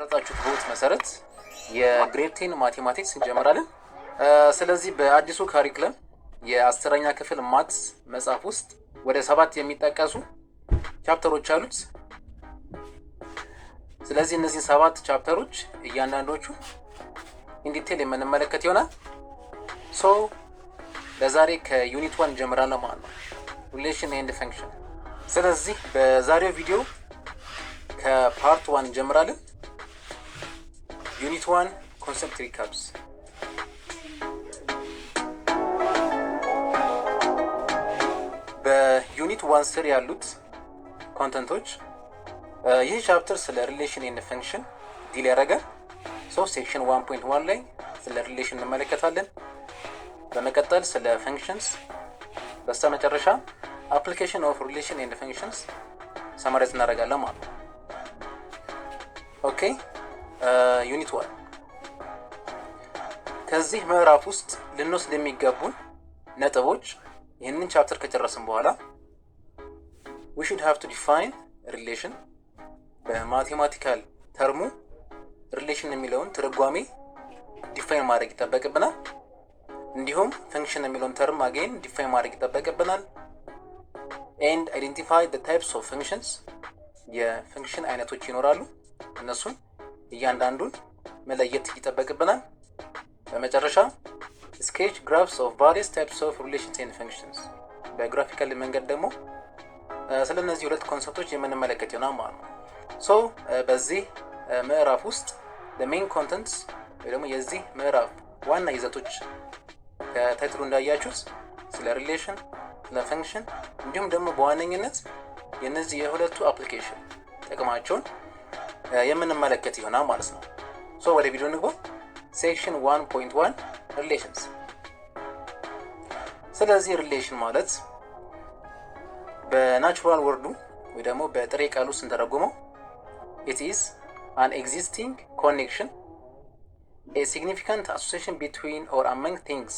መረጣችሁት ቦት መሰረት የግሬድ ቴን ማቴማቲክስ እንጀምራለን። ስለዚህ በአዲሱ ካሪክለም የአስረኛ ክፍል ማትስ መጽሐፍ ውስጥ ወደ ሰባት የሚጠቀሱ ቻፕተሮች አሉት። ስለዚህ እነዚህን ሰባት ቻፕተሮች እያንዳንዶቹ ኢንዲቴል የምንመለከት ይሆናል። ሶ ለዛሬ ከዩኒት ዋን እንጀምራለን ማለት ነው፣ ሪሌሽን ኤንድ ፈንክሽን። ስለዚህ በዛሬው ቪዲዮ ከፓርት ዋን እንጀምራለን። ዩኒት ዋን ኮንሰፕት ሪካፕስ በዩኒት ዋን ስር ያሉት ኮንተንቶች ይህ ቻፕተር ስለ ሪሌሽን ኤንድ ፈንክሽን ዲል ያደረገ ሰው ሴክሽን 1.1 ላይ ስለ ሪሌሽን እንመለከታለን። በመቀጠል ስለ ፈንክሽንስ፣ በስተ መጨረሻ አፕሊኬሽን ኦፍ ሪሌሽን ኤንድ ፈንክሽንስ ሰማሪዝ እናደርጋለን ማለት ኦኬ ዩኒት ዋን ከዚህ ምዕራፍ ውስጥ ልንወስድ የሚገቡን ነጥቦች ይህንን ቻፕተር ከጨረስን በኋላ ዊ ሹድ ሃቭ ቱ ዲፋይን ሪሌሽን በማቴማቲካል ተርሙ ሪሌሽን የሚለውን ትርጓሜ ዲፋይን ማድረግ ይጠበቅብናል። እንዲሁም ፈንክሽን የሚለውን ተርም አገን ዲፋይን ማድረግ ይጠበቅብናል። ኤንድ አይደንቲፋይ ታይፕስ ኦፍ ፈንክሽንስ የፈንክሽን አይነቶች ይኖራሉ እነሱን እያንዳንዱን መለየት ይጠበቅብናል። በመጨረሻ ስኬች ግራፍስ ኦፍ ቫሪስ ታይፕስ ኦፍ ሪሌሽንስ ን ፈንክሽንስ በግራፊካል መንገድ ደግሞ ስለ እነዚህ ሁለት ኮንሰፕቶች የምንመለከት ይሆናል ማለት ነው። ሶ በዚህ ምዕራፍ ውስጥ ለሜን ኮንተንትስ ወይ ደግሞ የዚህ ምዕራፍ ዋና ይዘቶች ከታይትሉ እንዳያችሁት ስለ ሪሌሽን፣ ስለ ፈንክሽን እንዲሁም ደግሞ በዋነኝነት የነዚህ የሁለቱ አፕሊኬሽን ጥቅማቸውን የምንመለከት ይሆናል ማለት ነው። ሶ ወደ ቪዲዮ እንግባ። ሴክሽን 1.1 ሪሌሽንስ። ስለዚህ ሪሌሽን ማለት በናቹራል ወርዱ ወይ ደግሞ በጥሬ ቃሉ ስንተረጉመው ኢት ኢዝ አን ኤግዚስቲንግ ኮኔክሽን ኤ ሲግኒፊካንት አሶሴሽን ቢትዊን ኦር አመንግ ቲንግስ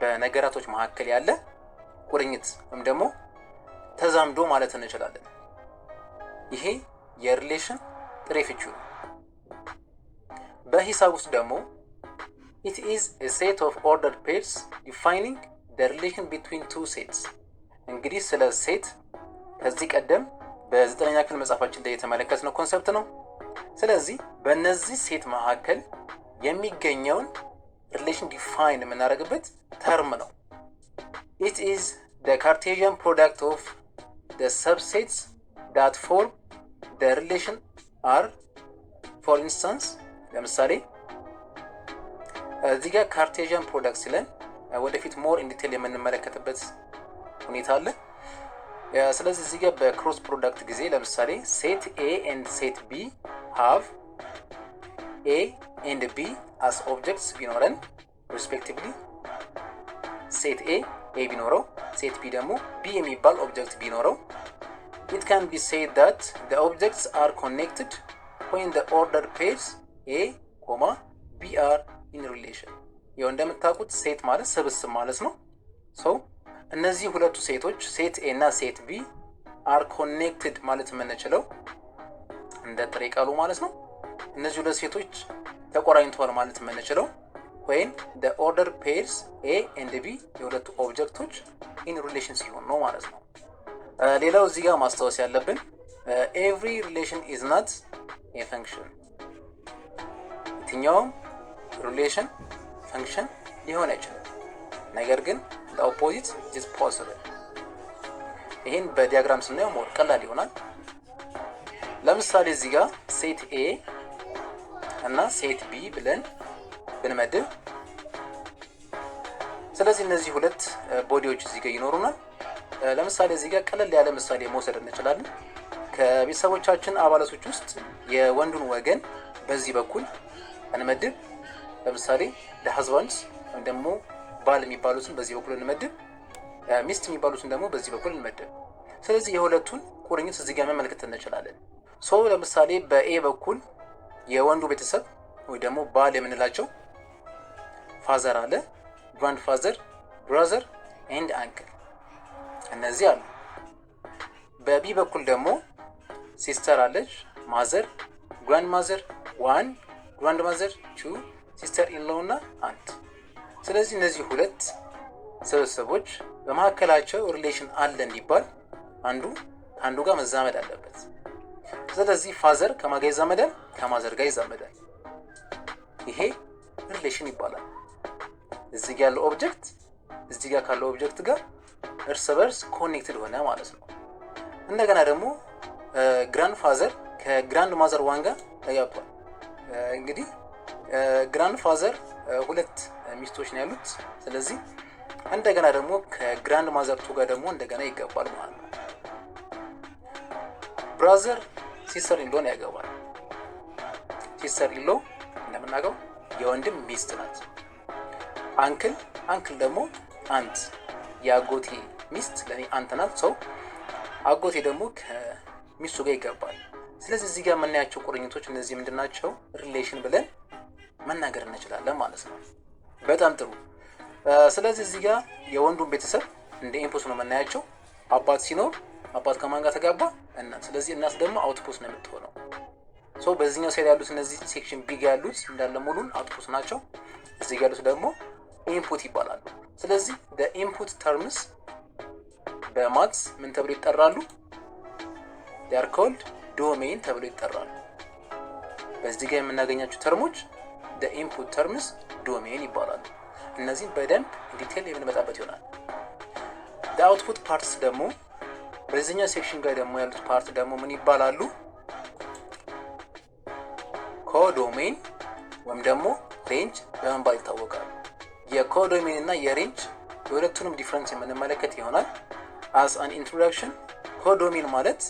በነገራቶች መካከል ያለ ቁርኝት ወይም ደግሞ ተዛምዶ ማለት እንችላለን። ይሄ የሪሌሽን ጥሬ ፍቺው በሂሳብ ውስጥ ደግሞ it is a ሴት ኦፍ ordered pairs defining the ሪሌሽን between ቱ sets። እንግዲህ ስለ ሴት ከዚህ ቀደም በዘጠነኛ ክፍል መጽሐፋችን ላይ የተመለከትነው ኮንሰፕት ነው። ስለዚህ በእነዚህ ሴት መካከል የሚገኘውን ሪሌሽን ዲፋይን የምናደርግበት ተርም ነው። it is the ካርቴዥን product of the subsets that form the relation አር ፎር ኢንስታንስ ለምሳሌ እዚህ ጋር ካርቴዥን ፕሮዳክት ሲለን ወደፊት ሞር ኢንዲቴል የምንመለከትበት ሁኔታ አለ። ስለዚህ እዚህ ጋር በክሮስ ፕሮዳክት ጊዜ ለምሳሌ ሴት ኤ ኤንድ ሴት ቢ ሃቭ ኤ ኤንድ ቢ አስ ኦብጀክትስ ቢኖረን ሪስፔክቲቭሊ ሴት ኤ ኤ ቢኖረው ሴት ቢ ደግሞ ቢ የሚባል ኦብጀክት ቢኖረው It can be said that the objects are connected when the ordered pairs A, B are in relation። ያው እንደምታውቁት ሴት ማለት ስብስብ ማለት ነው። ሰው እነዚህ ሁለቱ ሴቶች ሴት ኤ እና ሴት ቢ አር ኮኔክትድ ማለት የምንችለው እንደ ጥሬ ቃሉ ማለት ነው። እነዚህ ሁለት ሴቶች ተቆራኝተዋል ማለት የምንችለው ወይም ደ ኦርደር ፔርስ ኤ ኤንድ ቢ የሁለቱ ኦብጀክቶች ኢን ሪሌሽን ሲሆን ነው ማለት ነው። ሌላው እዚህ ጋር ማስታወስ ያለብን ኤቭሪ ሪሌሽን ኢዝ ናት ኤ ፈንክሽን፣ የትኛውም ሪሌሽን ፈንክሽን ሊሆን አይችልም። ነገር ግን ለኦፖዚት ኢዝ ፖስብል። ይህን በዲያግራም ስናየው ሞር ቀላል ይሆናል። ለምሳሌ እዚህ ጋር ሴት ኤ እና ሴት ቢ ብለን ብንመድብ፣ ስለዚህ እነዚህ ሁለት ቦዲዎች እዚህ ጋር ይኖሩናል። ለምሳሌ እዚህ ጋር ቀለል ያለ ምሳሌ መውሰድ እንችላለን። ከቤተሰቦቻችን አባላቶች ውስጥ የወንዱን ወገን በዚህ በኩል እንመድብ። ለምሳሌ ለሀዝባንድ ወይም ደግሞ ባል የሚባሉትን በዚህ በኩል እንመድብ፣ ሚስት የሚባሉትን ደግሞ በዚህ በኩል እንመድብ። ስለዚህ የሁለቱን ቁርኝት እዚህ ጋር መመልከት እንችላለን። ሶ ለምሳሌ በኤ በኩል የወንዱ ቤተሰብ ወይ ደግሞ ባል የምንላቸው ፋዘር አለ፣ ግራንድ ፋዘር፣ ብራዘር ኤንድ አንክል እነዚህ አሉ። በቢ በኩል ደግሞ ሲስተር አለች። ማዘር ግራንድ ማዘር ዋን፣ ግራንድ ማዘር ቱ፣ ሲስተር ኢንሎው እና አንት። ስለዚህ እነዚህ ሁለት ስብስቦች በመካከላቸው ሪሌሽን አለ እንዲባል አንዱ አንዱ ጋር መዛመድ አለበት። ስለዚህ ፋዘር ከማጋ ጋር ይዛመዳል? ከማዘር ጋር ይዛመዳል። ይሄ ሪሌሽን ይባላል። እዚህ ጋር ያለው ኦብጀክት እዚህ ጋር ካለው ኦብጀክት ጋር እርስ በርስ ኮኔክትድ ሆነ ማለት ነው። እንደገና ደግሞ ግራንድ ፋዘር ከግራንድ ማዘር ዋን ጋር ተጋብቷል። እንግዲህ ግራንድ ፋዘር ሁለት ሚስቶች ነው ያሉት። ስለዚህ እንደገና ደግሞ ከግራንድ ማዘር ቱ ጋር ደግሞ እንደገና ይገባል ማለት ነው። ብራዘር ሲስተር ኢንሎን ያገባል። ሲስተር ኢንሎ እንደምናውቀው የወንድም ሚስት ናት። አንክል አንክል ደግሞ አንት የአጎቴ ሚስት ለእኔ አንተ ናት። ሰው አጎቴ ደግሞ ከሚስቱ ጋር ይገባል። ስለዚህ እዚህ ጋር የምናያቸው ቁርኝቶች እነዚህ ምንድናቸው? ሪሌሽን ብለን መናገር እንችላለን ማለት ነው። በጣም ጥሩ። ስለዚህ እዚህ ጋር የወንዱን ቤተሰብ እንደ ኢንፑት ነው የምናያቸው። አባት ሲኖር አባት ከማን ጋር ተጋባ? እናት። ስለዚህ እናት ደግሞ አውትፖስ ነው የምትሆነው። ሰው በዚህኛው ሳይድ ያሉት እነዚህ ሴክሽን ቢግ ያሉት እንዳለ ሙሉን አውትፖስ ናቸው። እዚህ ያሉት ደግሞ ኢንፑት ይባላሉ። ስለዚህ ኢንፑት ተርምስ በማትስ ምን ተብሎ ይጠራሉ? ዴር ኮልድ ዶሜን ተብሎ ይጠራሉ። በዚህ ጋር የምናገኛቸው ተርሞች ኢንፑት ተርምስ ዶሜን ይባላሉ። እነዚህም በደንብ ዲቴል የምንመጣበት ይሆናል። አውትፑት ፓርትስ ደግሞ በዚህኛው ሴክሽን ጋር ደግሞ ያሉት ፓርት ደግሞ ምን ይባላሉ? ኮዶሜን ወይም ደግሞ ሬንጅ በመባል ይታወቃሉ። የኮዶሜን እና የሬንጅ የሁለቱንም ዲፍረንስ የምንመለከት ይሆናል። አስ አን ኢንትሮዳክሽን ኮዶሚን ማለት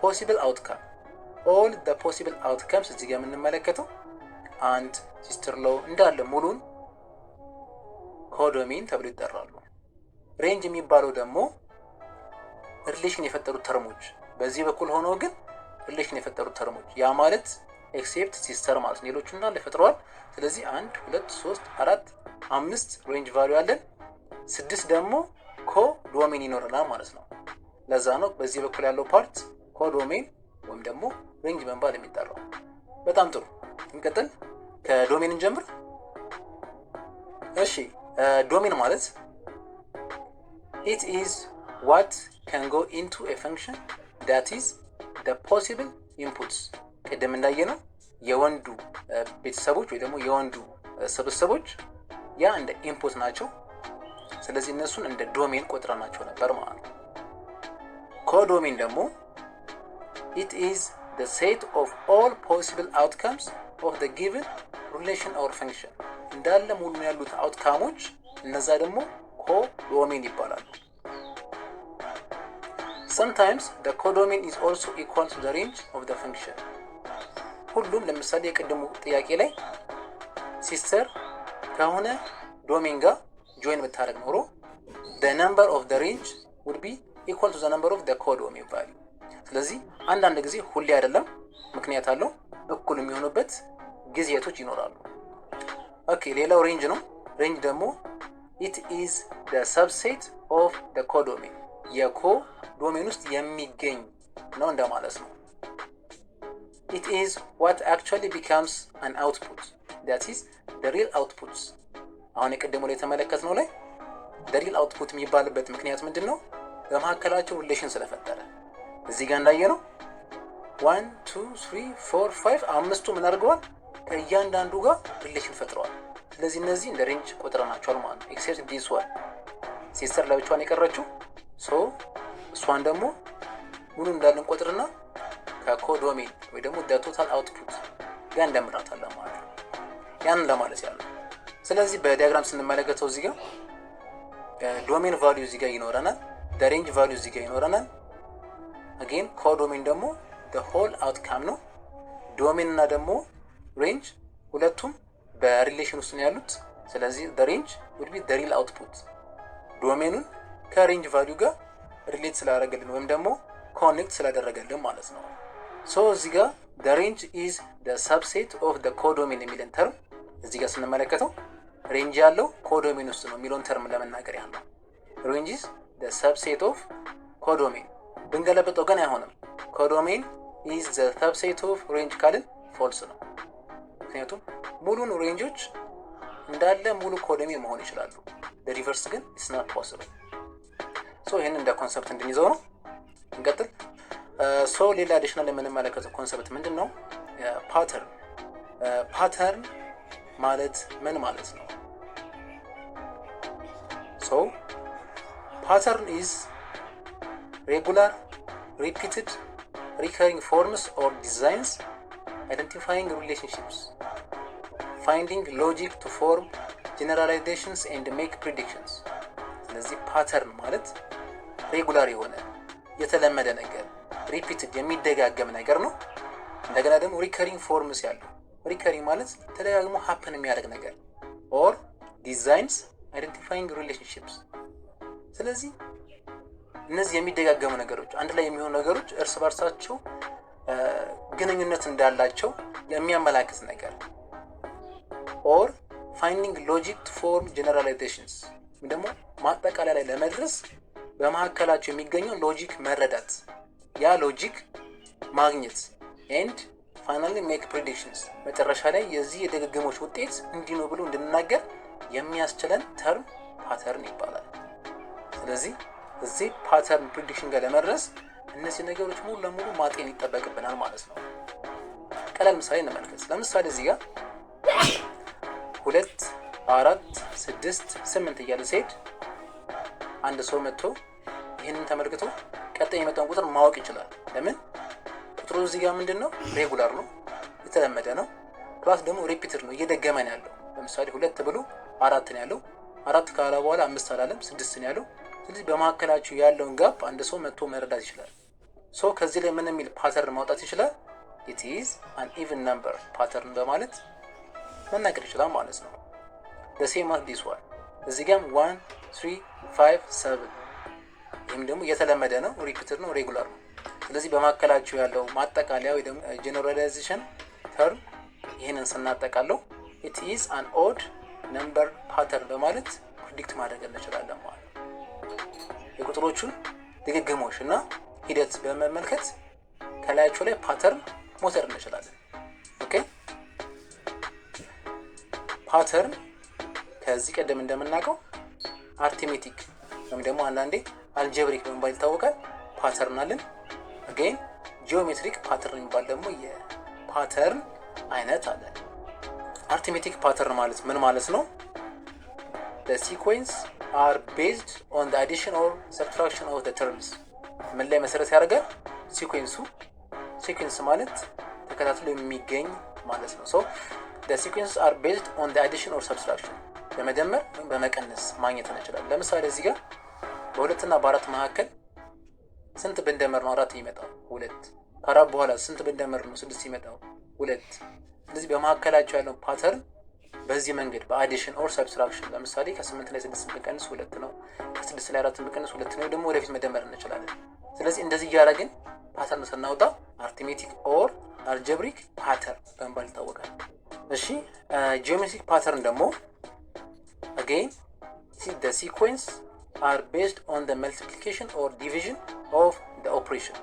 ፖሲብል አውትካም ኦል ደ ፖሲብል አውትካምስ እዚህ ጋር የምንመለከተው አንድ ሲስተር ሎ እንዳለ ሙሉን ኮዶሚን ተብሎ ይጠራሉ። ሬንጅ የሚባለው ደግሞ ሪሌሽን የፈጠሩት ተርሞች በዚህ በኩል ሆኖ ግን ሪሌሽን የፈጠሩት ተርሞች ያ ማለት ኤክሴፕት ሲስተር ማለት ነው። ሌሎቹ እንዳለ ፈጥረዋል። ስለዚህ አንድ ሁለት ሶስት አራት አምስት ሬንጅ ቫሉ ያለን፣ ስድስት ደግሞ ኮ ዶሜን ይኖረናል ማለት ነው። ለዛ ነው በዚህ በኩል ያለው ፓርት ኮ ዶሜን ወይም ደግሞ ሬንጅ በመባል የሚጠራው። በጣም ጥሩ እንቀጥል። ከዶሜን እንጀምር። እሺ ዶሜን ማለት ኢት ኢዝ ዋት ከን ጎ ኢንቱ ኤ ፈንክሽን ዳት ኢዝ ፖሲብል ኢንፑትስ ቅድም እንዳየ ነው የወንዱ ቤተሰቦች ወይ ደግሞ የወንዱ ስብስቦች ያ እንደ ኢንፑት ናቸው ስለዚህ እነሱን እንደ ዶሜን ቆጥረ ናቸው ነበር ማለት ነው ኮዶሜን ደግሞ ኢት ኢዝ ሴት ኦፍ ኦል ፖሲብል አውትካምስ ኦፍ ደ ጊቭን ሪሌሽን ኦር ፈንክሽን እንዳለ ሙሉ ያሉት አውትካሞች እነዛ ደግሞ ኮ ኮዶሜን ይባላሉ ሰምታይምስ ኮዶሜን ኢዝ ኦልሶ ኢኳል ቱ ሬንጅ ኦፍ ፈንክሽን ሁሉም ለምሳሌ የቅድሙ ጥያቄ ላይ ሲስተር ከሆነ ዶሜን ጋር ጆይን ብታደረግ ኖሮ ነምበር ኦፍ ደ ሬንጅ ውድ ቢ ኢኳል ቱ ነምበር ኦፍ ኮድ የሚባል። ስለዚህ አንዳንድ ጊዜ ሁሌ አይደለም፣ ምክንያት አለው እኩል የሚሆኑበት ጊዜቶች ይኖራሉ። ኦኬ ሌላው ሬንጅ ነው። ሬንጅ ደግሞ ኢት ኢዝ ሰብሴት ኦፍ ኮ ኮዶሜን የኮ ዶሜን ውስጥ የሚገኝ ነው እንደማለት ነው። It is what actually becomes an output that is the real outputs አሁን የቀደሙ ላይ የተመለከትነው ላይ ደሪል አውትፑት የሚባልበት ምክንያት ምንድን ነው? በመካከላቸው ሪሌሽን ስለፈጠረ እዚህ ጋር እንዳየ ነው። ዋን ቱ ስሪ ፎር ፋይቭ አምስቱ ምን አድርገዋል? ከእያንዳንዱ ጋር ሪሌሽን ፈጥረዋል። ስለዚህ እነዚህ እንደ ሬንጅ ቆጥረናቸዋል ማለት ነው። ኤክሴፕት ዲስ ዋን ሲስተር ለብቻዋን የቀረችው ሶ እሷን ደግሞ ሙሉ እንዳለን ቁጥርና ከኮድ ዶሜን ወይ ደግሞ ቶታል አውትፑት ጋር እንደምራታለን ማለት ነው። ያንን ለማለት ያለው። ስለዚህ በዲያግራም ስንመለከተው እዚህ ጋር ዶሜን ቫሊዩ እዚህ ጋር ይኖረናል፣ ሬንጅ ቫሊዩ እዚህ ጋር ይኖረናል። አጌን ኮዶሜን ደግሞ ሆል አውትካም ነው። ዶሜን እና ደግሞ ሬንጅ ሁለቱም በሪሌሽን ውስጥ ነው ያሉት። ስለዚህ ሬንጅ ውድ ቢ ሪል አውትፑት ዶሜኑን ከሬንጅ ቫሊዩ ጋር ሪሌት ስላደረገልን ወይም ደግሞ ኮኔክት ስላደረገልን ማለት ነው። ሶ እዚህ ጋር ደ ሬንጅ ኢዝ ደ ሰብሴት ኦፍ ደ ኮዶሜን የሚልን ተርም እዚህ ጋር ስንመለከተው ሬንጅ ያለው ኮዶሜን ውስጥ ነው የሚለውን ተርም ለመናገር ያህል ነው። ሬንጅ ኢዝ ደ ሰብሴት ኦፍ ኮዶሜን ብንገለበጠው ግን አይሆንም። ኮዶሜን ኢዝ ዘ ሰብሴት ኦፍ ሬንጅ ካልን ፎልስ ነው። ምክንያቱም ሙሉን ሬንጆች እንዳለ ሙሉ ኮዶሜን መሆን ይችላሉ። ሪቨርስ ግን ኢትስ ናት ፖስብል። ይህን እንደ ኮንሰፕት እንድንይዘው ነው። እንቀጥል። ሶ ሌላ አዲሽናል የምንመለከተው ኮንሰፕት ምንድን ነው? ፓተርን። ፓተርን ማለት ምን ማለት ነው? ሶ ፓተርን ኢዝ ሬጉላር ሪፒትድ ሪከሪንግ ፎርምስ ኦር ዲዛይንስ አይደንቲፋይንግ ሪሌሽንሽፕስ ፋይንዲንግ ሎጂክ ቱ ፎርም ጀነራላይዜሽንስ ኤንድ ሜክ ፕሪዲክሽንስ። ስለዚህ ፓተርን ማለት ሬጉላር የሆነ የተለመደ ነገር ሪፒትድ የሚደጋገም ነገር ነው። እንደገና ደግሞ ሪከሪንግ ፎርምስ ያለው ሪከሪንግ ማለት ተደጋግሞ ሀፕን የሚያደርግ ነገር ኦር ዲዛይንስ አይደንቲፋይንግ ሪሌሽንሽፕስ። ስለዚህ እነዚህ የሚደጋገሙ ነገሮች አንድ ላይ የሚሆኑ ነገሮች እርስ በርሳቸው ግንኙነት እንዳላቸው የሚያመላክት ነገር ኦር ፋይንዲንግ ሎጂክ ቱ ፎርም ጀነራላይዜሽንስ ደግሞ ማጠቃለያ ላይ ለመድረስ በመካከላቸው የሚገኘው ሎጂክ መረዳት ያ ሎጂክ ማግኘት ኤንድ ፋይናሊ ሜክ ፕሬዲክሽንስ መጨረሻ ላይ የዚህ የድግግሞች ውጤት እንዲህ ነው ብሎ እንድንናገር የሚያስችለን ተርም ፓተርን ይባላል። ስለዚህ እዚህ ፓተርን ፕሬዲክሽን ጋር ለመድረስ እነዚህ ነገሮች ሙሉ ለሙሉ ማጤን ይጠበቅብናል ማለት ነው። ቀላል ምሳሌ እንመልከት። ለምሳሌ እዚህ ጋር ሁለት አራት ስድስት ስምንት እያለ ሲሄድ አንድ ሰው መጥቶ ይህንን ተመልክቶ ቀጥተኛ የመጣውን ቁጥር ማወቅ ይችላል። ለምን ቁጥሩ እዚህ ጋር ምንድን ነው? ሬጉላር ነው፣ የተለመደ ነው። ፕላስ ደግሞ ሪፒትር ነው፣ እየደገመ ነው ያለው። ለምሳሌ ሁለት ብሎ አራት ነው ያለው። አራት ካለ በኋላ አምስት አላለም፣ ስድስት ነው ያለው። ስለዚህ በመካከላቸው ያለውን ጋፕ አንድ ሰው መጥቶ መረዳት ይችላል። ሰው ከዚህ ላይ ምን የሚል ፓተርን ማውጣት ይችላል። ኢት ኢዝ አን ኢቭን ነምበር ፓተርን በማለት መናገር ይችላል ማለት ነው። ደሴ ማት ዲስ ዋን እዚህ ጋም ዋን ትሪ ፋይቭ ሰቨን ይህም ደግሞ የተለመደ ነው፣ ሪፒትር ነው፣ ሬጉላር ነው። ስለዚህ በመካከላቸው ያለው ማጠቃለያ ወይ ደግሞ ጀነራላይዜሽን ተርም ይህንን ስናጠቃለው ኢት ኢዝ አን ኦድ ነምበር ፓተርን በማለት ፕሪዲክት ማድረግ እንችላለን ማለት ነው። የቁጥሮቹን ድግግሞሽ እና ሂደት በመመልከት ከላያቸው ላይ ፓተርን ሞተር እንችላለን። ኦኬ ፓተርን ከዚህ ቀደም እንደምናውቀው አርቲሜቲክ ወይም ደግሞ አንዳንዴ አልጀብሪክ በመባል ይታወቃል። ፓተርን አለን። አገይን ጂኦሜትሪክ ፓተርን የሚባል ደግሞ የፓተርን አይነት አለ። አርትሜቲክ ፓተርን ማለት ምን ማለት ነው? ሲኮንስ አር ቤዝድ ኦን አዲሽን ኦር ሰብትራክሽን ኦፍ ተርምስ ምን ላይ መሰረት ያደርጋል? ሲኮንሱ ሲኮንስ ማለት ተከታትሎ የሚገኝ ማለት ነው። ሶ ሲኮንስ አር ቤዝድ ኦን አዲሽን ኦር ሰብትራክሽን በመደመር ወይም በመቀነስ ማግኘት እንችላለን። ለምሳሌ እዚህ ጋር በሁለትና በአራት መካከል ስንት ብንደመር ነው አራት የሚመጣው? ሁለት። ከአራት በኋላ ስንት ብንደመር ነው ስድስት የሚመጣው? ሁለት። ስለዚህ በመካከላቸው ያለው ፓተርን በዚህ መንገድ በአዲሽን ኦር ሰብስትራክሽን ለምሳሌ ከስምንት ላይ ስድስት ብንቀንስ ሁለት ነው። ከስድስት ላይ አራት ብንቀንስ ሁለት ነው። ደግሞ ወደፊት መደመር እንችላለን። ስለዚህ እንደዚህ ግን ፓተርን ስናወጣ አርትሜቲክ ኦር አልጀብሪክ ፓተርን በመባል ይታወቃል። እሺ ጂኦሜትሪክ ፓተርን ደግሞ አገይን ሲ ደ are based on the multiplication or division of the operation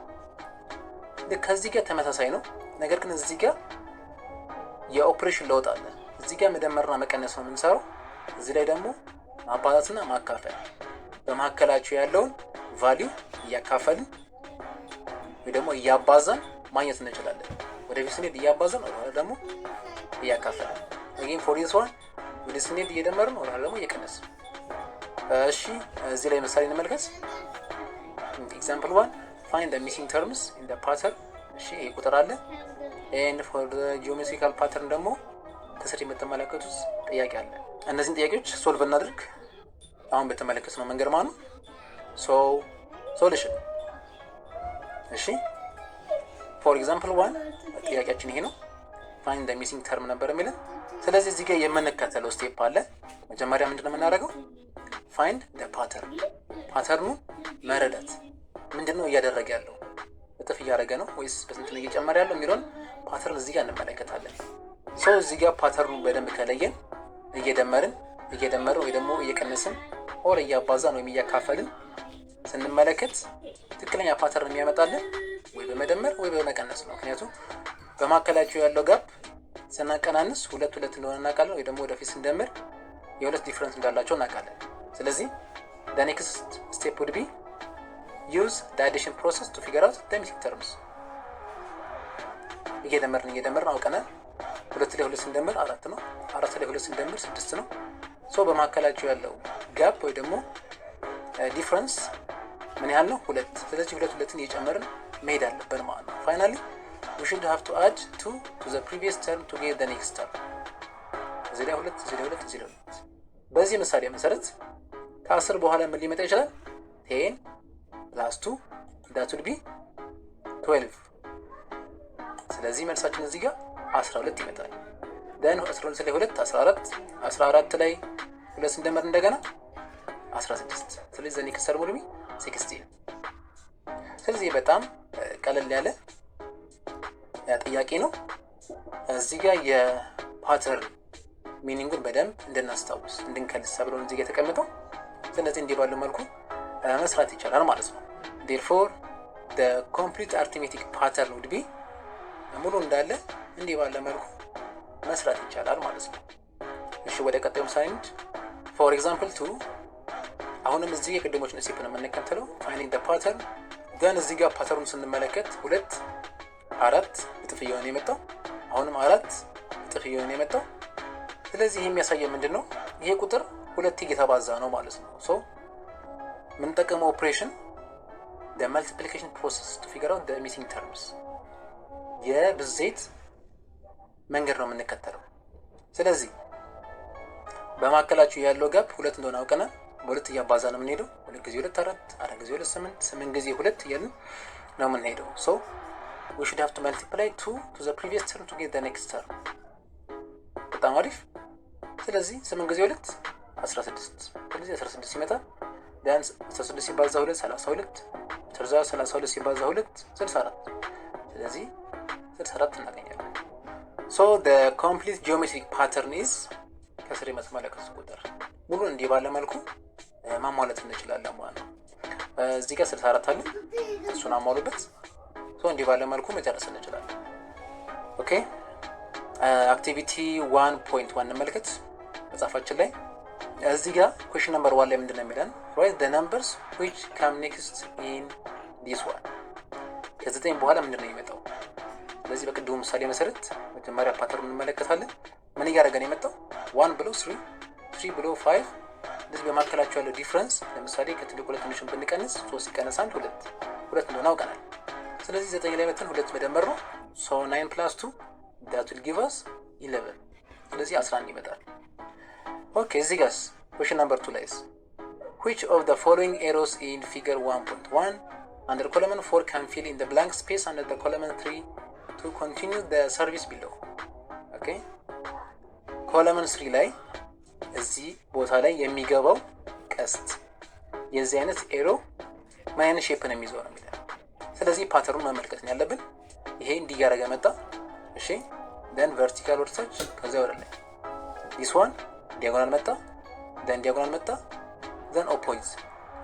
ከዚህ ጋር ተመሳሳይ ነው። ነገር ግን እዚህ ጋር የኦፕሬሽን ለውጥ አለ። እዚህ ጋር መደመርና መቀነስ ነው የምንሰራው። እዚህ ላይ ደግሞ ማባዛትና ማካፈል በመካከላቸው ያለውን ቫሊዩ እያካፈልን ወይ ደግሞ እያባዛን ማግኘት እንችላለን። ወደፊት ስንሄድ እያባዛን ወደ ደግሞ እያካፈልን ፎር ዲስ ዋን ወደ ስንሄድ እየደመርን ወደ ደግሞ እየቀነስን እሺ እዚህ ላይ ምሳሌ እንመልከት። ኤግዛምፕል ዋን ፋይንድ ዘ ሚሲንግ ተርምስ ኢን ዘ ፓተርን። እሺ ይሄ ቁጥር አለ ኤን ፎር ዘ ጂኦሜትሪካል ፓተርን ደግሞ ከስር የምትመለከቱት ጥያቄ አለ። እነዚህን ጥያቄዎች ሶልቭ እናድርግ። አሁን በተመለከት ነው መንገድ ማኑ ሶ ሶሉሽን። እሺ ፎር ኤግዛምፕል ዋን ጥያቄያችን ይሄ ነው። ፋይንድ ዘ ሚሲንግ ተርም ነበር የሚለን። ስለዚህ እዚህ ጋር የምንከተለው ስቴፕ አለ። መጀመሪያ ምንድነው የምናደርገው? ፋይንድ ፓተርን ፓተርኑ መረዳት ምንድን ነው እያደረገ ያለው እጥፍ እያደረገ ነው ወይስ በስንት ነው እየጨመረ ያለው የሚለውን ፓተርን እዚህ ጋር እንመለከታለን። ሰው እዚህ ጋር ፓተርኑ በደንብ ከለየን እየደመርን እየደመርን ወይ ደግሞ እየቀነስን ኦር እያባዛን ወይም እያካፈልን ስንመለከት ትክክለኛ ፓተርን የሚያመጣልን ወይ በመደመር ወይ በመቀነስ ነው። ምክንያቱም በማካከላቸው ያለው ጋፕ ስናቀናንስ ሁለት ሁለት እንደሆነ እናውቃለን፣ ወይ ደግሞ ወደፊት ስንደምር የሁለት ዲፍረንስ እንዳላቸው እናውቃለን። ስለዚህ the next step would be use the addition process to figure out the missing terms እየደመርን እየደመርን አውቀናል። ሁለት ላይ ሁለት ስንደምር አራት ነው። አራት ላይ ሁለት ስንደምር ስድስት ነው። ሶ በመካከላቸው ያለው ጋፕ ወይ ደግሞ ዲፍረንስ uh, ምን ያህል ነው? ሁለት። ስለዚህ ሁለት ሁለትን እየጨመርን መሄድ አለብን ማለት ነው። ፋይናሊ ሽድ should have to add two to the previous term to get the next term ላይ ሁለት እዚህ ላይ ሁለት እዚህ ላይ ሁለት በዚህ ምሳሌ መሰረት ከአስር በኋላ ምን ሊመጣ ይችላል? ቴን ፕላስ ቱ ዳት ዊል ቢ ትዌልቭ። ስለዚህ መልሳችን እዚህ ጋር 12 ይመጣል። ደን 12 ላይ 2 አስራ አራት ላይ ሁለት ስንደመር እንደገና 16 ስለዚህ ዘኔ ክሰር ሙሉሚ 16 ስለዚህ በጣም ቀለል ያለ ጥያቄ ነው። እዚህ ጋር የፓተርን ሚኒንጉን በደንብ እንድናስታውስ እንድንከልስ ብሎ እዚህ ጋር የተቀመጠው ስለዚህ እንዲህ ባለው መልኩ መስራት ይቻላል ማለት ነው። ዴርፎር ኮምፕሊት አርትሜቲክ ፓተርን ውድ ቢ ሙሉ እንዳለ እንዲህ ባለ መልኩ መስራት ይቻላል ማለት ነው። እሺ ወደ ቀጣዩ ሳይንድ ፎር ኤግዛምፕል ቱ አሁንም እዚህ የቅድሞችን ስቴፕ ነው የምንከተለው። ፋይንዲንግ ደ ፓተርን ደን እዚህ ጋር ፓተርኑን ስንመለከት ሁለት አራት እጥፍ እየሆነ የመጣው አሁንም አራት እጥፍ እየሆነ የመጣው ስለዚህ ይህ የሚያሳየው ምንድን ነው? ይሄ ቁጥር ሁለት እየተባዛ ነው ማለት ነው። ሶ የምንጠቀመው ኦፕሬሽን መልቲፕሊኬሽን ፕሮሰስ ቱ ፊገር አውት ሚሲንግ ተርምስ የብዜት መንገድ ነው የምንከተለው። ስለዚህ በማዕከላችሁ ያለው ጋፕ ሁለት እንደሆነ አውቀናል። በሁለት እያባዛ ነው የምንሄደው። ሁለት ጊዜ ሁለት አራት፣ አራት ጊዜ ሁለት ስምንት፣ ስምንት ጊዜ ሁለት እያልን ነው የምንሄደው። ሶ ዊ ሹድ ሃቭ ቱ መልቲፕላይ ቱ ቱ ዘ ፕሪቪየስ ተርም ቱ ጌት ዘ ኔክስት ተርም። በጣም አሪፍ። ስለዚህ ስምንት ጊዜ ሁለት 16 ስለዚህ 16 ሲመጣ ቢያንስ 16 ሲባዛ 2 32 ትርዛ 32 ሲባዛ 2 64 ስለዚህ 64 እናገኛለን። ሶ ደ ኮምፕሊት ጂኦሜትሪክ ፓተርን ኢዝ ከስር የምትመለከቱት ቁጥር ሙሉ እንዲህ ባለ መልኩ ማሟላት እንችላለን ማለት ነው። እዚህ ጋር 64 አለ፣ እሱን አሟሉበት። ሶ እንዲህ ባለ መልኩ መጨረስ እንችላለን። ኦኬ አክቲቪቲ 1.1 እንመልከት መጽሐፋችን ላይ እዚህ ጋር ኮሽን ነምበር ዋን ላይ ምንድነው የሚለን ራይት ነምበርስ ዊች ካም ኔክስት ኢን ዲስ ዋን ከዘጠኝ በኋላ ምንድነው የመጣው ስለዚህ በቅድሙ ምሳሌ መሰረት መጀመሪያ ፓተር እንመለከታለን ምን እያደረገ ነው የመጣው ዋን ብሎ ስሪ ስሪ ብሎ ፋይቭ እንደዚህ በማከላቸው ያለው ዲፍረንስ ለምሳሌ ከትልቁ ለትንሹን ብንቀንስ ሶስት ሲቀነስ አንድ ሁለት ሁለት እንደሆነ አውቀናል ስለዚህ ዘጠኝ ላይ መተን ሁለት መደመር ነው ሶ ናይን ፕላስ ቱ ዳት ዊል ጊቭ አስ ኢለቨን ስለዚህ አስራ አንድ ይመጣል ኦኬ እዚህ ጋስ ኩዌሽን ነምበር ቱ ላይስ ዊች ኦፍ ዘ ፎሎዊንግ ኤሮስ ኢን ፊገር ዋን ፖይንት ዋን አንደር ኮለመን ፎር ካን ፊል ኢን ብላንክ ስፔስ አንደር ኮለመን ትሪ ቱ ኮንቲኒው ሰርቪስ ቢለው ኦኬ ኮለመን 3 ላይ እዚህ ቦታ ላይ የሚገባው ቀስት የዚህ አይነት ኤሮ አይነት ሼፕ ነው የሚይዘው ነው የሚለው። ስለዚህ ፓተሩን መመልከት ነው ያለብን። ይሄ እንዲያረገ መጣ። እሺ ደን ቨርቲካል ወርሳች ከዛ ወደ ላይ ዲስ ዋን ዲያጎናል መጣ፣ ዘን ዲያጎናል መጣ፣ ዘን ኦፖዚት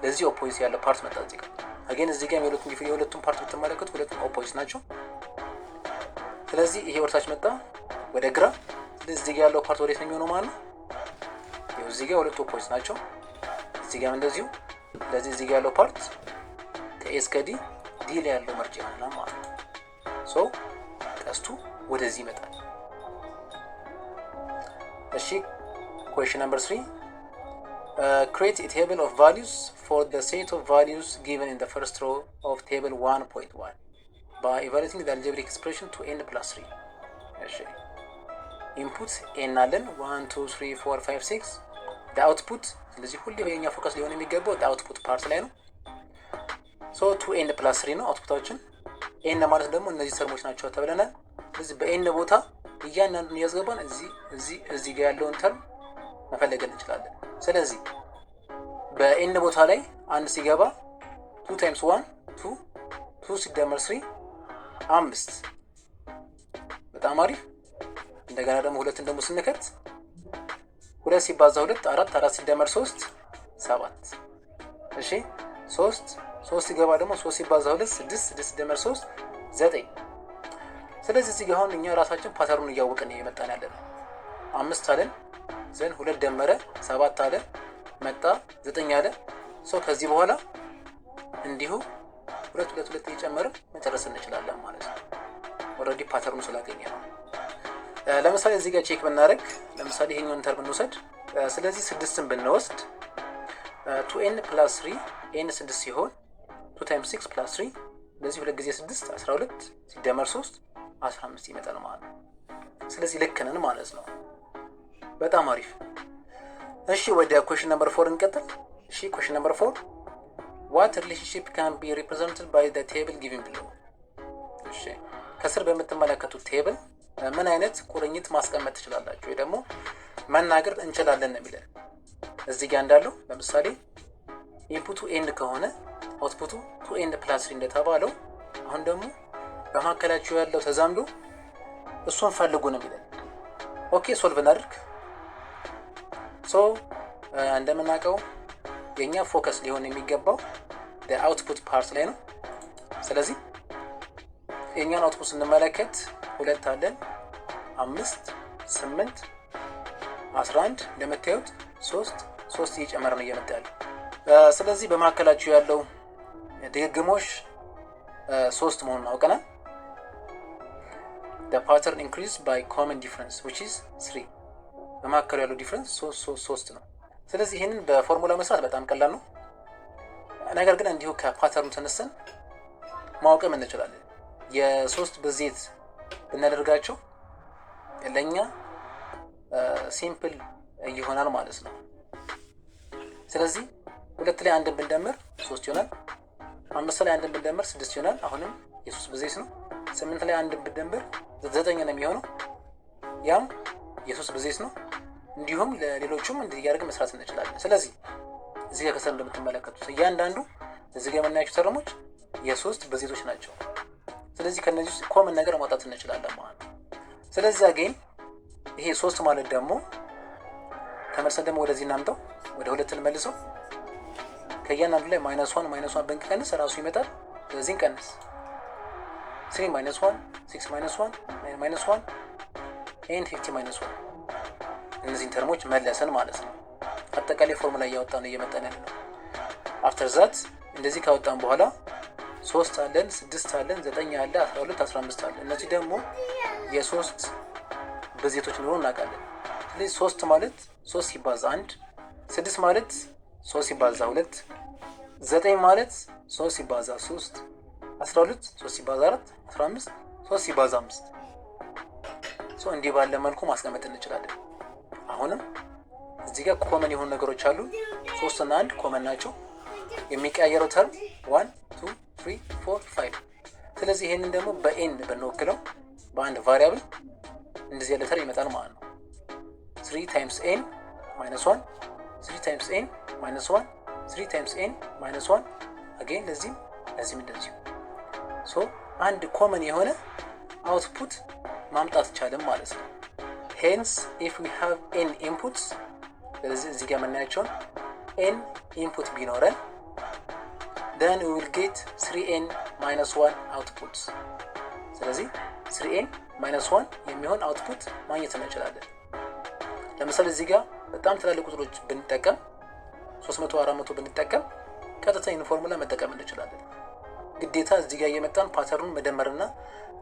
ለዚህ ኦፖዚት ያለው ፓርት መጣ እዚህ ጋር አገን እዚህ ጋር የሚሉት እንግዲህ የሁለቱም ፓርት ብትመለከቱ ሁለቱም ኦፖዚት ናቸው። ስለዚህ ይሄ ወርታች መጣ ወደ ግራ። ስለዚህ እዚህ ጋር ያለው ፓርት ወዴት ነው የሚሆነው ማለት ነው? ይኸው እዚህ ጋር ሁለቱ ኦፖዚት ናቸው። እዚህ ጋር እንደዚሁ። ስለዚህ እዚህ ጋር ያለው ፓርት ከኤስ ከዲ ዲ ዲ ላይ ያለው መርጭ ይሆናል ማለት ነው። ሶ ቀስቱ ወደዚህ ይመጣል። እሺ question number three uh, create a table of values for the set of values given in the first row of table 1.1 by evaluating the algebraic expression to n plus 3 እሺ ኢንፑት ኤን አለን 1 2 3 4 5 6 ደ አውትፑት ስለዚህ ሁሌ የኛ ፎከስ ሊሆን የሚገባው ደ አውትፑት ፓርት ላይ ነው ሶ ቱ ኤን ፕላስ 3 ነው አውትፑታችን ኤን ማለት ደግሞ እነዚህ ተርሞች ናቸው ተብለናል ስለዚህ በኤን ቦታ እያንዳንዱን እያስገባን እዚህ እዚህ እዚህ ጋር ያለውን ተርም መፈለግ እንችላለን። ስለዚህ በኤን ቦታ ላይ አንድ ሲገባ ቱ ታይምስ ዋን ቱ ቱ ሲደመር ስሪ አምስት። በጣም አሪፍ። እንደገና ደግሞ ሁለትን ደግሞ ስንከት ሁለት ሲባዛ ሁለት አራት፣ አራት ሲደመር ሶስት ሰባት። እሺ ሶስት ሶስት ሲገባ ደግሞ ሶስት ሲባዛ ሁለት ስድስት፣ ስድስት ሲደመር ሶስት ዘጠኝ። ስለዚህ እዚህ ጋር አሁን እኛ ራሳችን ፓተርኑን እያወቅን የመጣን ያለ ነው። አምስት አለን ዘን ሁለት ደመረ ሰባት አለ መጣ ዘጠኝ አለ ሰው ከዚህ በኋላ እንዲሁ ሁለት ሁለት ሁለት እየጨመረ መጨረስ እንችላለን ማለት ነው። ኦልሬዲ ፓተርኑ ስላገኘ ነው። ለምሳሌ እዚህ ጋር ቼክ ብናደርግ ለምሳሌ ይሄኛውን ተር ብንወሰድ ስለዚህ ስድስትን ብንወስድ ቱ ኤን ፕላስ ስሪ ኤን ስድስት ሲሆን ቱ ታይም ሲክስ ፕላስ ስሪ እንደዚህ ሁለት ጊዜ ስድስት አስራ ሁለት ሲደመር ሶስት አስራ አምስት ይመጣል ማለት ነው። ስለዚህ ልክ ነን ማለት ነው። በጣም አሪፍ። እሺ ወደ ኮሽን ነምበር ፎር እንቀጥል። እሺ ኮሽን ነምበር ፎር ዋት ሪሌሽንሽፕ ካን ቢ ሪፕሬዘንትድ ባይ ዘ ቴብል ጊቪን ብሎ እሺ ከስር በምትመለከቱት ቴብል ምን አይነት ቁርኝት ማስቀመጥ ትችላላችሁ ወይ ደግሞ መናገር እንችላለን ነው የሚለን እዚህ ጋር እንዳለው ለምሳሌ ኢንፑቱ ኤንድ ከሆነ አውትፑቱ ቱ ኤንድ ፕላስ ትሪ እንደተባለው አሁን ደግሞ በመካከላቸው ያለው ተዛምዶ እሱን ፈልጉ ነው የሚለን። ኦኬ ሶልቭ እናድርግ። ሶ እንደምናውቀው የእኛ ፎከስ ሊሆን የሚገባው አውትፑት ፓርት ላይ ነው። ስለዚህ የእኛን አውትፑት ስንመለከት ሁለት አለን፣ አምስት፣ ስምንት፣ አስራ አንድ እንደምታዩት ሶስት ሶስት እየጨመረ ነው እየመጣ ያለው። ስለዚህ በመካከላችሁ ያለው ድግግሞሽ ሶስት መሆኑን አውቀናል። ፓተርን ኢንክሪዝ ባይ ኮመን ዲፍረንስ ዊች ኢዝ ስሪ በመካከሉ ያለው ዲፍረንስ ሶስት ነው። ስለዚህ ይህንን በፎርሙላ መስራት በጣም ቀላል ነው። ነገር ግን እንዲሁ ከፓተርኑ ተነስተን ማወቅም እንችላለን። የሶስት ብዜት ብናደርጋቸው ለእኛ ሲምፕል ይሆናል ማለት ነው። ስለዚህ ሁለት ላይ አንድን ብንደምር ሶስት ይሆናል። አምስት ላይ አንድን ብንደምር ስድስት ይሆናል። አሁንም የሶስት ብዜት ነው። ስምንት ላይ አንድን ብንደምር ዘጠኝ ነው የሚሆነው። ያም የሶስት ብዜት ነው። እንዲሁም ለሌሎቹም እንዲህ እያደረግን መስራት እንችላለን። ስለዚህ እዚህ ጋር ከሰር እንደምትመለከቱት እያንዳንዱ እዚህ ጋር የምናያቸው ተርሞች የሶስት ብዜቶች ናቸው። ስለዚህ ከነዚህ ውስጥ ኮመን ነገር ማውጣት እንችላለን ማለት ነው። ስለዚህ አገኝ ይሄ ሶስት ማለት ደግሞ ተመልሰን ደግሞ ወደዚህ እናምጠው ወደ ሁለት እንመልሰው። ከእያንዳንዱ ላይ ማይነስ ዋን ማይነስ ዋን ብንቀንስ ራሱ ይመጣል። ስለዚህ እንቀንስ ስሪ ማይነስ ዋን ሲክስ ማይነስ ዋን ናይን ማይነስ ዋን ኤንድ ፊፍቲ ማይነስ ዋን እነዚህን ተርሞች መለሰን ማለት ነው። አጠቃላይ ፎርሙላ እያወጣን እየመጠን ያለ ነው። አፍተር ዛት እንደዚህ ካወጣን በኋላ ሶስት አለን፣ ስድስት አለን፣ ዘጠኝ አለ፣ አስራ ሁለት አስራ አምስት አለ። እነዚህ ደግሞ የሶስት ብዜቶች እንደሆኑ እናውቃለን። ስለዚህ ሶስት ማለት ሶስት ሲባዛ አንድ፣ ስድስት ማለት ሶስት ሲባዛ ሁለት፣ ዘጠኝ ማለት ሶስት ሲባዛ ሶስት፣ አስራ ሁለት ሶስት ሲባዛ አራት፣ አስራ አምስት ሶስት ሲባዛ አምስት። እንዲህ ባለ መልኩ ማስቀመጥ እንችላለን። አሁንም እዚህ ጋር ኮመን የሆኑ ነገሮች አሉ። ሶስት እና አንድ ኮመን ናቸው። የሚቀያየረው ተርም ዋን ቱ ትሪ ፎር ፋይቭ። ስለዚህ ይህንን ደግሞ በኤን ብንወክለው በአንድ ቫሪያብል እንደዚህ ያለ ተርም ይመጣል ማለት ነው። ትሪ ታይምስ ኤን ማይነስ ዋን፣ ትሪ ታይምስ ኤን ማይነስ ዋን፣ ትሪ ታይምስ ኤን ማይነስ ዋን ትሪ ታይምስ ኤን ማይነስ ዋን ትሪ ታይምስ ኤን ማይነስ ዋን አገን ለዚህም ለዚህም እንደዚሁ ሶ አንድ ኮመን የሆነ አውትፑት ማምጣት ይቻልም ማለት ነው። ሄንስ ኢፍ ዊ ሃቭ ኤን ኢንፑት ስለዚህ እዚህ ጋር የምናያቸውን ኤን ኢንፑት ቢኖረን ደን ዊል ጌት ስሪ ኤን ማይነስ ዋን አውትፑት። ስለዚህ ስሪ ኤን ማይነስ ዋን የሚሆን አውትፑት ማግኘት እንችላለን። ለምሳሌ እዚህ ጋር በጣም ትላልቅ ቁጥሮች ብንጠቀም 300፣ 400 ብንጠቀም ቀጥታ ይህን ፎርሙላ መጠቀም እንችላለን። ግዴታ እዚህ ጋር እየመጣን ፓተርኑን መደመርና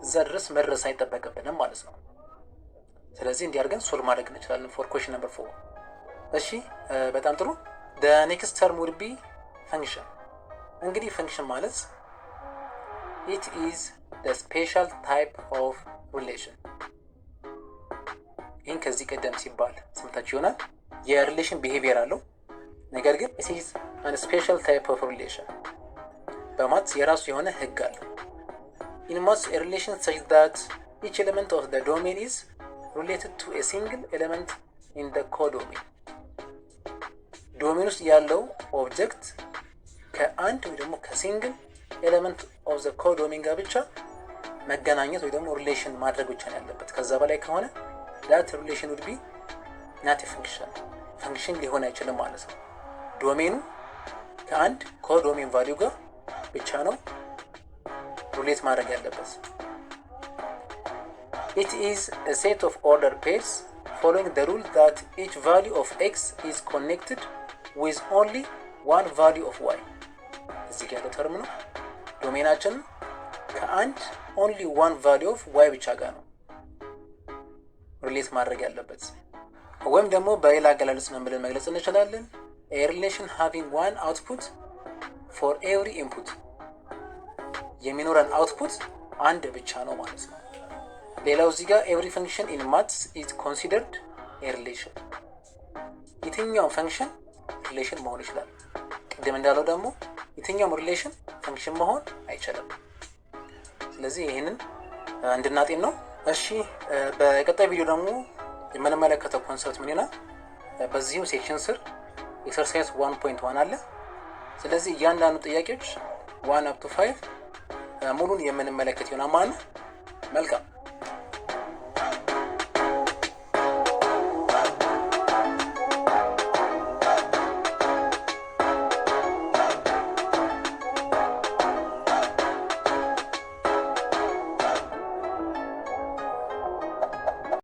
እዛ ድረስ መድረስ አይጠበቅብንም ማለት ነው። ስለዚህ እንዲህ ሶል ማድረግ እንችላለን ፎር ኮሽን ነበር ፎ እሺ በጣም ጥሩ። ደ ኔክስት ተርም ውድ ቢ ፈንክሽን። እንግዲህ ፈንክሽን ማለት ኢት ኢዝ ደ ስፔሻል ታይፕ ኦፍ ሪሌሽን። ይህን ከዚህ ቀደም ሲባል ስምታችሁ ይሆናል። የሪሌሽን ቢሄቪየር አለው ነገር ግን ኢት ኢዝ አን ስፔሻል ታይፕ ኦፍ ሪሌሽን በማት የራሱ የሆነ ህግ አለው። ኢን ማትስ ሪሌሽን ሰች ዳት ኢች ኤሌመንት ኦፍ ደ ዶሜን ኢዝ ሪሌትድ ቱ ኤ ሲንግል ኤሌመንት ኢን ደ ኮዶሜን ዶሜን ውስጥ ያለው ኦብጀክት ከአንድ ወይ ደግሞ ከሲንግል ኤሌመንት ኦፍ ዘ ኮዶሜን ጋር ብቻ መገናኘት ወይ ደግሞ ሪሌሽን ማድረግ ብቻ ነው ያለበት። ከዛ በላይ ከሆነ ዳት ሪሌሽን ውድ ቢ ናት ፈንክሽን ፈንክሽን ሊሆን አይችልም ማለት ነው። ዶሜኑ ከአንድ ኮዶሜን ቫሊዩ ጋር ብቻ ነው ሩሌት ማድረግ ያለበት። It is a set of ordered pairs following the rule that each value of x is connected with only one value of y። እዚህ ጋር ተርም ነው ዶሜናችን ከአንድ ኦንሊ ዋን ቫሊዩ ኦፍ ዋይ ብቻ ጋር ነው ሪሌት ማድረግ ያለበት። ወይም ደግሞ በሌላ አገላለጽ ምን ብለን መግለጽ እንችላለን? ኤ ሪሌሽን ሃቪንግ ዋን አውትፑት ፎር ኤቭሪ ኢንፑት የሚኖረን አውትፑት አንድ ብቻ ነው ማለት ነው። ሌላው እዚህ ጋር ኤቭሪ ፈንክሽን ኢን ማትስ ኢዝ ኮንሲደርድ ሪሌሽን፣ የትኛውም ፈንክሽን ሪሌሽን መሆን ይችላል። ቅድም እንዳለው ደግሞ የትኛውም ሪሌሽን ፈንክሽን መሆን አይችልም። ስለዚህ ይህንን uh, እንድናጤን ነው። እሺ፣ uh, በቀጣይ ቪዲዮ ደግሞ የምንመለከተው ኮንሰርት ምን ይሆናል? Uh, በዚህም ሴክሽን ስር ኤክሰርሳይዝ ዋን ፖይንት ዋን አለ። ስለዚህ እያንዳንዱ ጥያቄዎች ዋን አፕ ቱ ፋይቭ ሙሉን የምንመለከት ይሆናል ማለት መልካም